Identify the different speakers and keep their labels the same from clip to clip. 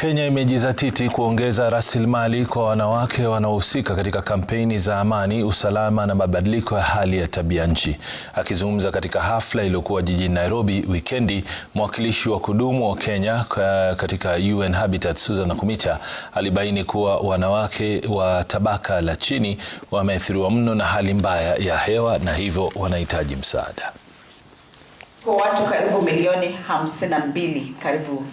Speaker 1: Kenya imejizatiti kuongeza rasilimali kwa wanawake wanaohusika katika kampeni za amani, usalama na mabadiliko ya hali ya tabia nchi. Akizungumza katika hafla iliyokuwa jijini Nairobi wikendi, mwakilishi wa kudumu wa Kenya katika UN Habitat Susan Nakhumicha alibaini kuwa wanawake wa tabaka la chini wameathiriwa mno na hali mbaya ya hewa na hivyo wanahitaji msaada.
Speaker 2: Kwa watu karibu milioni 52 karibu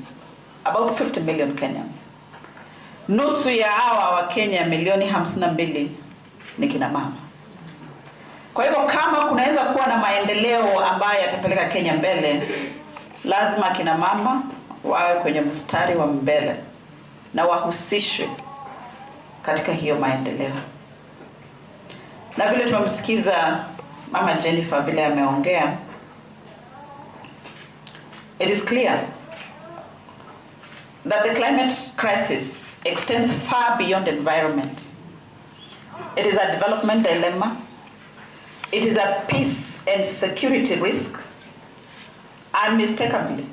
Speaker 2: about 50 million Kenyans. Nusu ya hawa wa Kenya milioni 52 ni kina mama. Kwa hivyo kama kunaweza kuwa na maendeleo ambayo yatapeleka Kenya mbele, lazima kina mama wawe kwenye mstari wa mbele na wahusishwe katika hiyo maendeleo. Na vile tumemsikiza Mama Jennifer vile ameongea, it is clear that the climate crisis extends far beyond environment. It is a development dilemma. It is a peace and security risk, unmistakably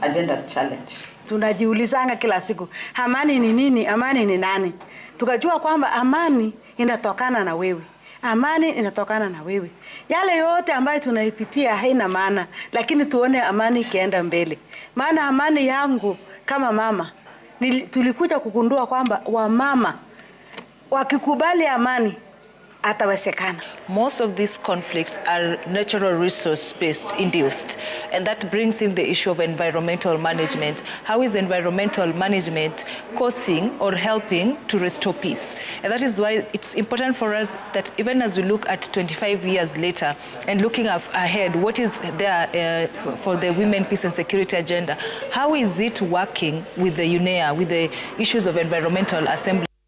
Speaker 2: a gender challenge.
Speaker 3: Tunajiulizanga kila siku, amani ni nini? Amani ni nani? Tukajua kwamba amani inatokana na wewe. Amani inatokana na wewe. Yale yote ambayo tunaipitia haina maana, lakini tuone amani ikienda mbele. Maana amani yangu kama mama tulikuja kugundua kwamba wamama wakikubali amani
Speaker 4: Most of these conflicts are natural resource-based induced, and that brings in the issue of environmental management. How is environmental management causing or helping to restore peace? And that is why it's important for us that even as we look at 25 years later and looking ahead, what is there uh, for the Women, Peace and Security agenda? How is it working with the UNEA, with the issues of environmental assembly?